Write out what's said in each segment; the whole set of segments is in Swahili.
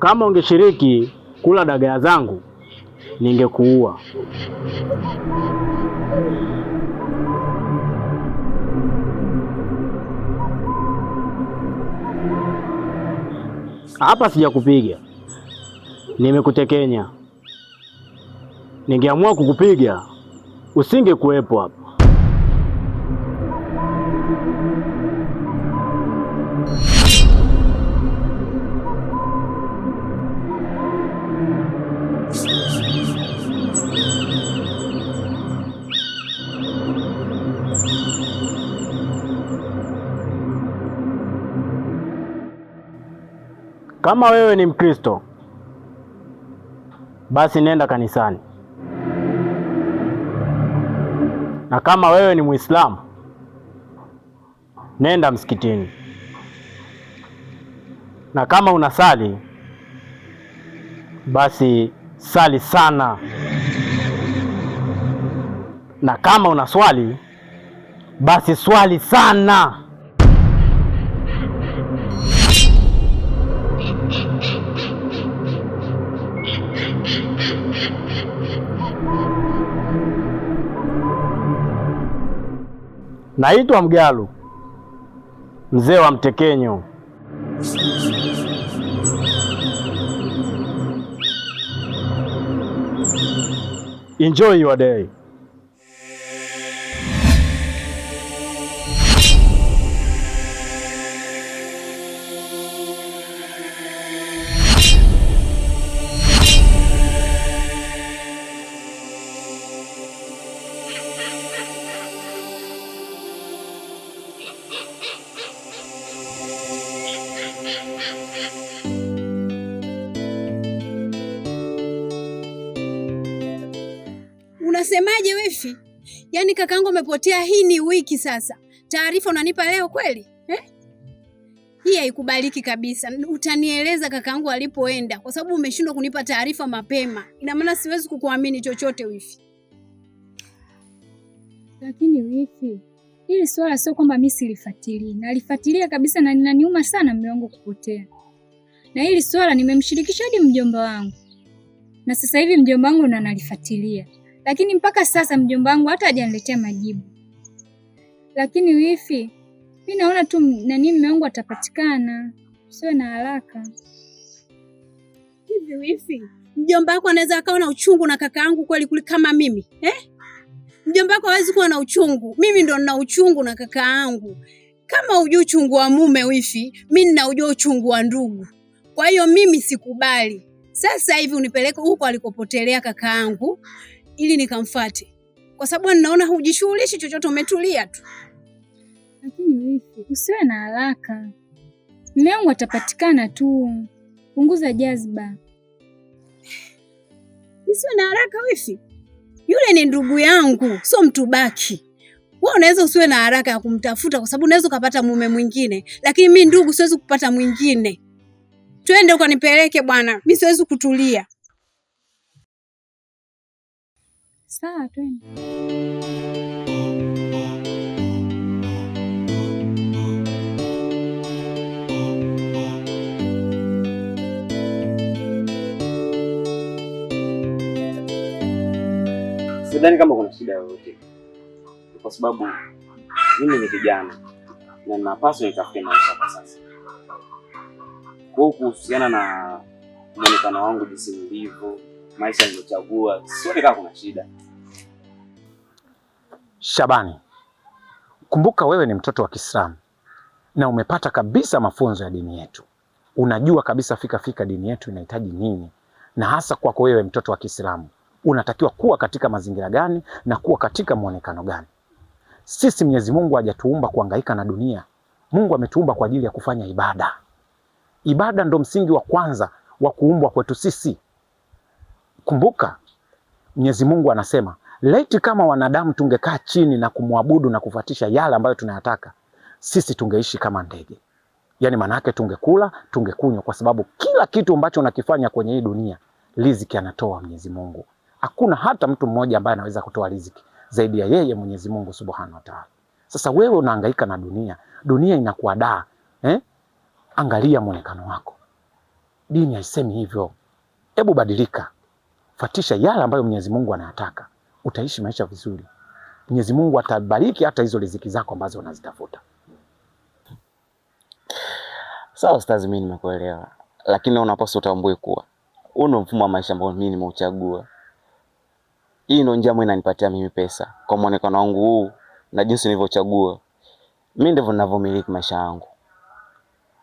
Kama ungeshiriki kula dagaa zangu ningekuua. Hapa sijakupiga, nimekutekenya. Ningeamua kukupiga usingekuwepo hapa. Kama wewe ni Mkristo, basi nenda kanisani, na kama wewe ni Muislamu, nenda msikitini, na kama unasali, basi sali sana, na kama unaswali, basi swali sana. Naitwa Mgalu, mzee wa Mtekenyo. Enjoy your day. wifi. Yaani kakaangu amepotea, hii ni wiki sasa. Taarifa unanipa leo kweli eh? Hii haikubaliki kabisa. Utanieleza kakaangu alipoenda, kwa sababu umeshindwa kunipa taarifa mapema. Ina maana siwezi kukuamini chochote wifi. Lakini wifi, hili swala sio kwamba mimi silifuatilii, nalifuatilia kabisa, na ninaniuma sana mume wangu kupotea, na hili swala nimemshirikisha hadi mjomba wangu, na sasa hivi mjomba wangu na nalifuatilia lakini mpaka sasa mjomba wangu hata hajaniletea majibu. Lakini wifi, mi naona tu nani mume wangu atapatikana, sio na haraka. Hivi wifi, mjomba wako anaweza akawa na uchungu na kaka yangu kweli kuli kama mimi eh? Mjomba wako hawezi kuwa na uchungu, mimi ndo nina uchungu na kaka yangu. Kama ujua uchungu wa mume wifi, mi ninaujua uchungu wa ndugu. Kwa hiyo mimi sikubali sasa hivi unipeleke huko alikopotelea kaka yangu ili nikamfate kwa sababu ninaona hujishughulishi chochote, umetulia tu. Lakini wifi, usiwe na haraka, mume wangu atapatikana tu. Punguza jazba, usiwe na haraka. Wifi, yule ni ndugu yangu, sio mtu baki. Wewe unaweza usiwe na haraka ya kumtafuta, kwa sababu unaweza ukapata mume mwingine, lakini mi ndugu siwezi kupata mwingine. Twende ukanipeleke bwana, mi siwezi kutulia. Sawa, twende. Sidhani kama kuna shida yoyote, kwa sababu mimi ni kijana na napaswa nitafute maisha kwa sasa. Kwa kuhusiana na mwonekano wangu jinsi nilivyo maisha nilochagua, sioni kama kuna shida. Shabani, kumbuka wewe ni mtoto wa Kiislamu na umepata kabisa mafunzo ya dini yetu. Unajua kabisa fika fika dini yetu inahitaji nini, na hasa kwako wewe mtoto wa Kiislamu unatakiwa kuwa katika mazingira gani na kuwa katika mwonekano gani. Sisi Mwenyezi Mungu hajatuumba kuangaika na dunia. Mungu ametuumba kwa ajili ya kufanya ibada. Ibada ndo msingi wa kwanza wa kuumbwa kwetu sisi. Kumbuka Mwenyezi Mungu anasema laiti kama wanadamu tungekaa chini na kumwabudu na kufuatisha yale ambayo tunayataka, sisi tungeishi kama ndege. Yaani maana yake tungekula, tungekunywa, kwa sababu kila kitu ambacho unakifanya kwenye hii dunia riziki anatoa Mwenyezi Mungu. Hakuna hata mtu mmoja ambaye anaweza kutoa riziki zaidi ya yeye Mwenyezi Mungu Subhanahu wa Ta'ala. Sasa wewe unahangaika na dunia, dunia inakuadaa eh? Angalia mwonekano wako. Dini haisemi hivyo. Hebu badilika. Fatisha yale ambayo Mwenyezi Mungu anayataka, utaishi maisha vizuri. Mwenyezi Mungu atabariki hata hizo riziki zako ambazo unazitafuta. Sawa Ustaz, mimi nimekuelewa, lakini unapaswa utambue kuwa huu ndio mfumo wa maisha ambao mimi nimeuchagua. Hii ndio njia ambayo inanipatia mimi pesa kwa muonekano wangu huu na jinsi nilivyochagua. Mimi ndivyo ninavyomiliki maisha yangu.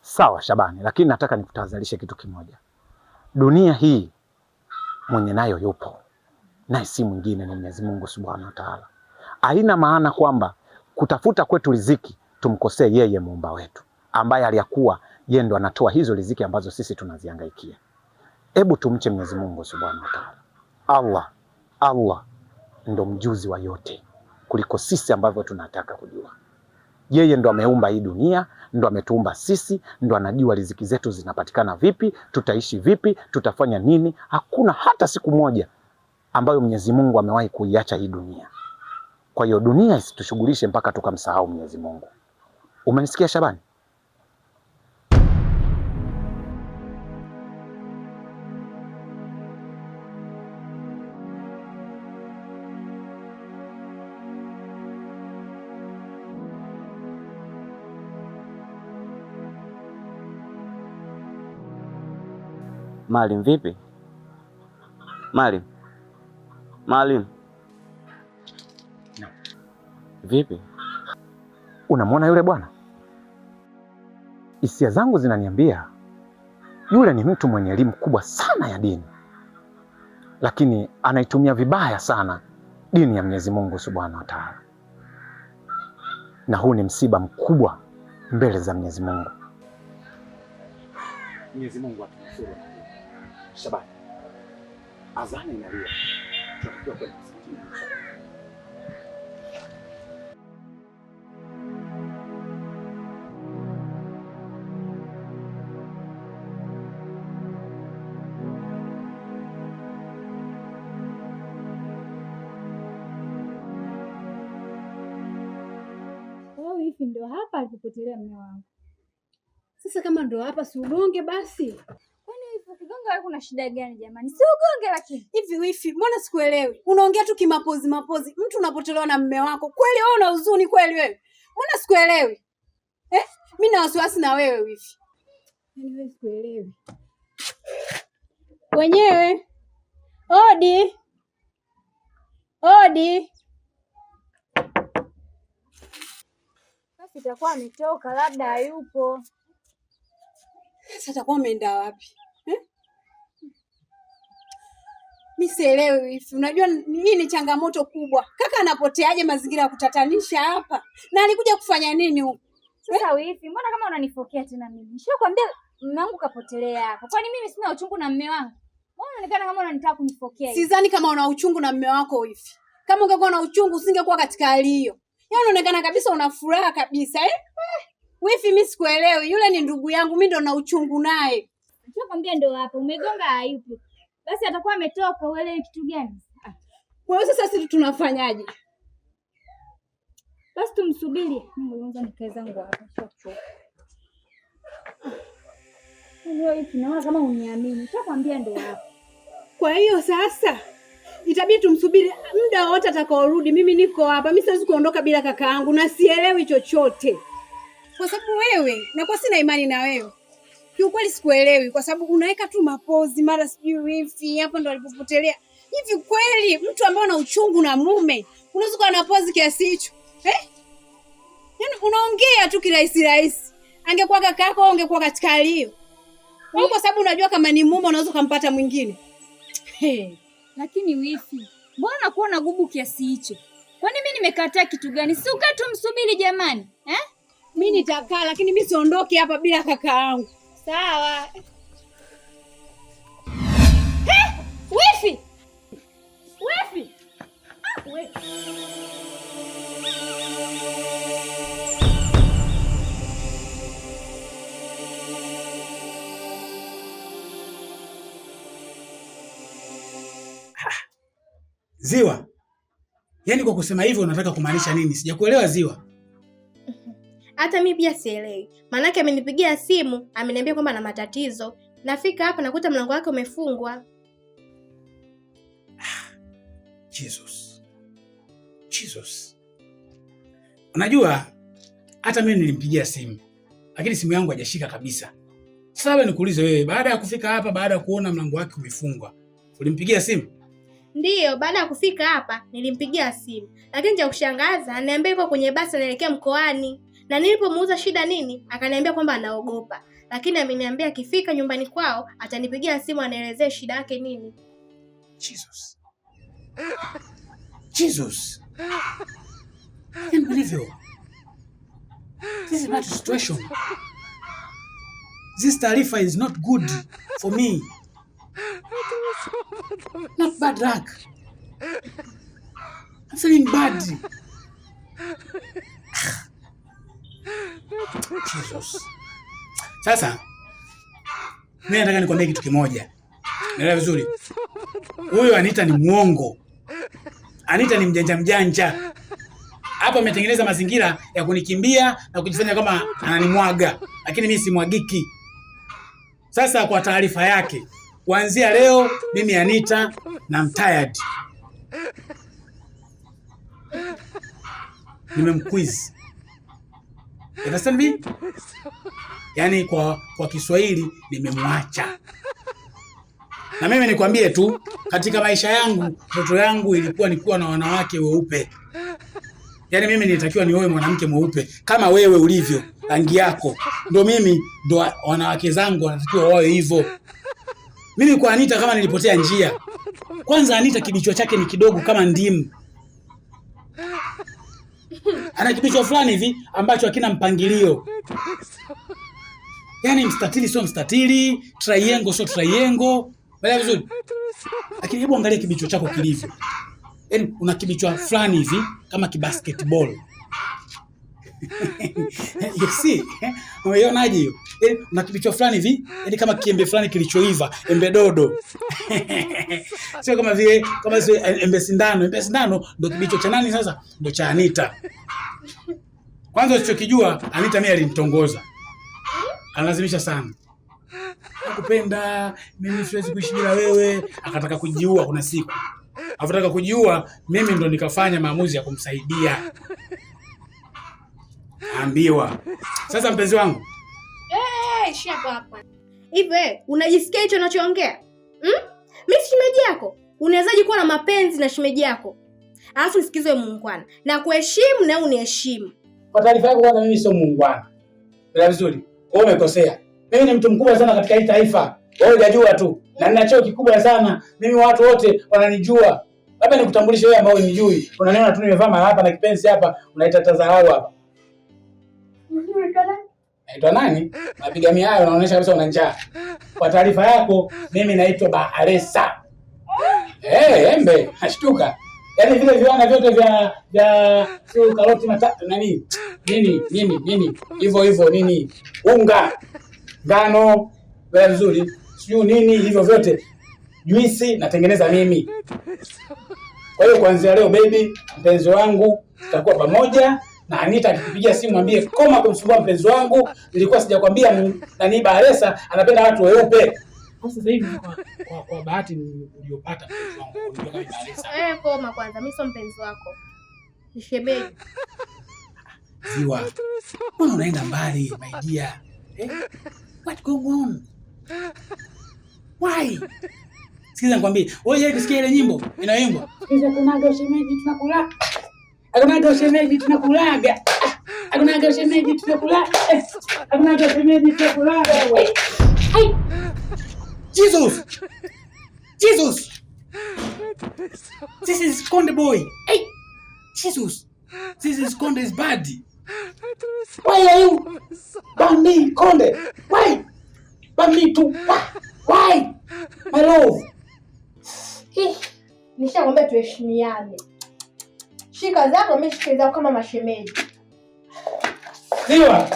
Sawa Shabani, lakini nataka nikutahadharishe kitu kimoja. Dunia hii mwenye nayo yupo naye, si mwingine ni Mwenyezi Mungu Subhanahu wa Ta'ala. Haina maana kwamba kutafuta kwetu riziki tumkosee yeye muumba wetu ambaye aliyakuwa yeye ndo anatoa hizo riziki ambazo sisi tunazihangaikia. Hebu tumche Mwenyezi Mungu Subhanahu wa Ta'ala. Allah Allah ndo mjuzi wa yote kuliko sisi ambavyo tunataka kujua. Yeye ndo ameumba hii dunia ndo ametuumba sisi, ndo anajua riziki zetu zinapatikana vipi, tutaishi vipi, tutafanya nini. Hakuna hata siku moja ambayo Mwenyezi Mungu amewahi kuiacha hii dunia. Kwa hiyo dunia isitushughulishe mpaka tukamsahau Mwenyezi Mungu. Umenisikia Shabani? Malim, vipi? Malim, Malim, vipi? Unamwona yule bwana? Hisia zangu zinaniambia yule ni mtu mwenye elimu kubwa sana ya dini, lakini anaitumia vibaya sana dini ya Mwenyezi Mungu Subhanahu wa Ta'ala, na huu ni msiba mkubwa mbele za Mwenyezi Mungu. Mwenyezi Mungu atunusuru. Shabani, azani inalia, tunatakiwa kwenda msikitini. Oh, hivi ndio hapa alipopotelea mume wangu. Sasa kama ndio hapa, si ugonge basi wewe kuna shida gani jamani? Si ugonge lakini. Hivi wifi, mbona sikuelewi? Unaongea tu kimapozi mapozi. Mtu unapotelewa na mume wako. Kweli wewe una huzuni kweli wewe? Mbona sikuelewi? Eh? Mimi na wasiwasi na wewe wifi. Yaani wewe sikuelewi. Wenyewe. Odi. Odi. Sasa itakuwa ametoka labda hayupo. Sasa atakuwa ameenda wapi? mi sielewi wifi. Unajua hii ni changamoto kubwa. Kaka anapoteaje mazingira ya kutatanisha hapa, na alikuja kufanya nini huku? sasa wifi? Mbona kama unanifokea tena mimi? Nishakwambia mume wangu kapotelea hapo. Kwani mimi sina uchungu na mume wangu? Mbona unaonekana kama unanitaka kunifokea? Sidhani kama una uchungu na mume wako wifi. Kama ungekuwa na uchungu usingekuwa katika hali hiyo. Yaani unaonekana kabisa una furaha kabisa eh? Wifi, mimi sikuelewi. Yule ni ndugu yangu, mimi ndo na uchungu naye. Nishakwambia ndo hapo umegonga hayupo basi atakuwa ametoka. Uelewi kitu gani? Ah. hiyo sasa sisi tunafanyaje? Basi tumsubiri. Ngoja nikae zangu hapa. Ah. Tunaona kama uniamini, Nitakwambia ndio hapo. Kwa hiyo sasa itabidi tumsubiri muda wote atakaorudi. Mimi niko hapa, mimi siwezi kuondoka bila kaka yangu, na sielewi chochote, kwa sababu wewe kwa sina imani na wewe kiukweli sikuelewi, kwa sababu unaweka tu mapozi, mara sijui hivi, hapo ndo alipopotelea hivi. Kweli mtu ambaye ana uchungu na mume unaweza kuwa na pozi kiasi hicho eh? Yani unaongea tu kirahisi rahisi. Angekuwa kaka yako au ungekuwa katika hali hiyo au, kwa sababu unajua kama ni mume unaweza ukampata mwingine hey. Lakini wifi, mbona na gubu kiasi hicho? Kwani mimi nimekataa kitu gani? Si ukaa tu jamani eh? Mimi nitakaa, lakini mimi siondoke hapa bila kaka yangu. Sawa. wifi. Wifi. Ah, wifi. Ziwa. Yaani kwa kusema hivyo unataka kumaanisha nini? Sijakuelewa Ziwa. Hata mimi pia sielewi, maanake amenipigia simu ameniambia kwamba ana matatizo. Nafika hapa nakuta mlango wake umefungwa. Jesus. Jesus. Unajua hata mimi nilimpigia simu lakini simu yangu haijashika kabisa. Sasa nikuulize wewe, baada ya kufika hapa, baada ya kuona mlango wake umefungwa, ulimpigia simu? Ndiyo, baada ya kufika hapa nilimpigia simu, lakini cha kushangaza, aniambia yuko kwenye basi anaelekea mkoani na nilipomuuza shida nini, akaniambia kwamba anaogopa, lakini ameniambia akifika nyumbani kwao atanipigia simu anaelezea shida yake nini. Jesus. Jesus. I This is not a situation. This tarifa is not good for me. Not bad luck. I'm feeling bad. Jesus. Sasa mimi nataka nikwambie kitu kimoja. Naelewa vizuri. Huyo Anita ni muongo. Anita ni mjanja mjanja. Hapa umetengeneza mazingira ya kunikimbia na kujifanya kama ananimwaga, lakini mimi simwagiki. Sasa kwa taarifa yake, kuanzia leo mimi Anita na mtired. nimemkwizi Understand nini? Yaani kwa kwa Kiswahili nimemwacha. Na mimi nikwambie tu katika maisha yangu ndoto yangu ilikuwa nikuwa na wanawake weupe. Yaani mimi nilitakiwa nioe mwanamke mweupe kama wewe ulivyo, rangi yako. Ndo mimi ndo wanawake zangu wanatakiwa wawe hivyo. Mimi kwa Anita kama nilipotea njia. Kwanza Anita kibichwa chake ni kidogo kama ndimu ana kitu fulani hivi ambacho hakina mpangilio yaani mstatili sio mstatili, triangle sio triangle. Bali vizuri? Lakini hebu angalia kibicho chako kilivyo, yaani una kibichwa fulani hivi kama kibasketball you see, umeionaje hiyo? Yaani, na kibichwa fulani hivi, yani kama kiembe fulani kilichoiva, embe dodo sio kama vile kama sio embe sindano. Embe sindano ndo kibichwa cha nani sasa? ndo cha Anita. Kwanza usichokijua Anita mimi alinitongoza, analazimisha sana nakupenda mimi, siwezi kuishi bila wewe. Akataka kujiua kuna siku, akataka kujiua, mimi ndo nikafanya maamuzi ya kumsaidia. Ambiwa sasa, mpenzi wangu ishi hapa hapa. Hivi unajisikia hicho unachoongea? Hmm? Mi shimeji yako. unawezaji kuwa na mapenzi na shimeji yako? Alafu nisikize muungwana. Na kuheshimu na uniheshimu. Kwa taarifa yako kwanza mimi sio muungwana. Bila vizuri. Wewe umekosea. Mimi ni mtu mkubwa sana katika hii taifa. Wewe unajua tu. Na nina cheo kikubwa sana. Mimi watu wote wananijua. Labda nikutambulishe wewe ambao unijui. Unaniona tu nimevaa hapa na kipenzi hapa, unaita tazarau hapa naitwa nani? Mapigamia hayo yanaonyesha kabisa una njaa. Kwa taarifa yako, mimi naitwa Baharesa. Eh, embe, ashtuka. Yaani vile viwanda vyote vya vya sio karoti matatu nani? Nini? Nini? Nini? Hivyo hivyo nini? Unga, ngano, wewe vizuri. Sio nini hivyo vyote. Juisi natengeneza mimi. Kwa hiyo kuanzia leo baby, mpenzi wangu, tutakuwa pamoja na Anita alipigia simu mwambie koma kumsumbua mpenzi wangu, nilikuwa sijakwambia nani baresa anapenda watu weupe. Sasa hivi kwa, kwa, kwa bahati niliyopata Eh, koma kwanza, mimi sio mpenzi wako. Ni shemeji. Ziwa. Mbona unaenda mbali my dear? Eh? What going on? Why? Sikiza nikwambie, wewe kusikia ile nyimbo inayoimbwa. tunaga shemeji tunakula. Akunaga ushemeji tunakulaga. Akunaga ah, ushemeji tunakulaga. Eh, Akunaga ushemeji tunakulaga Jesus. Jesus. This is Konde boy. Hey. Jesus. This is Konde's body. Why are you? Bami Konde. Why? Bami tu. Why? My love. Nishakwambia tuheshimiane. Shika zako, mimi shika zako kama mashemeji. Ziwa.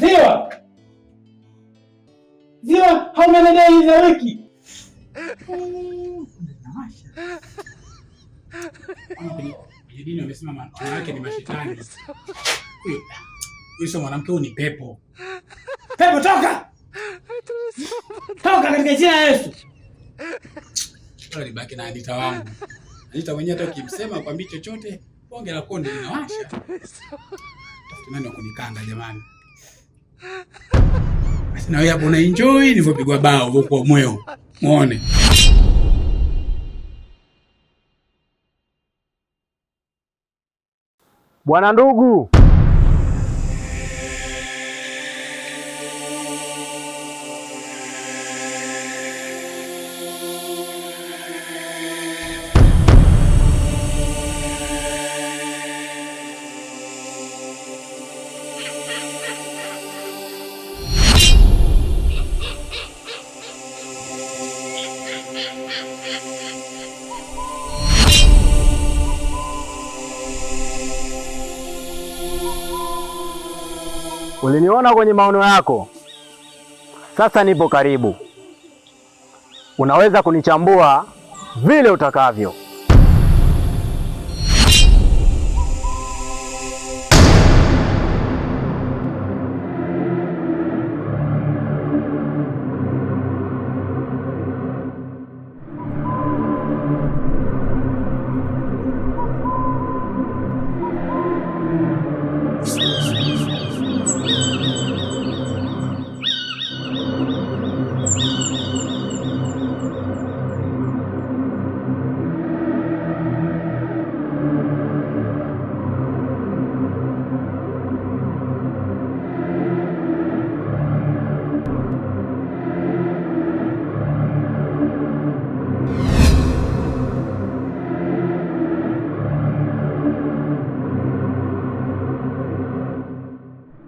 Ziwa. Ziwa, hauna dai za wiki. Jidini wamesema matunda ni mashetani. Hiyo mwanamke huyu ni pepo. Pepo toka! Toka katika jina la Yesu. Bali baki na adita wangu. Anita mwenyewe hata ukimsema kwambi chochote, bonge la konde linawasha. Tafuta nani wa kunikanga jamani. Basi na wewe hapo una enjoy nilivyopigwa bao huko mweo. Muone. Bwana ndugu Uliniona kwenye maono yako, sasa nipo karibu. Unaweza kunichambua vile utakavyo.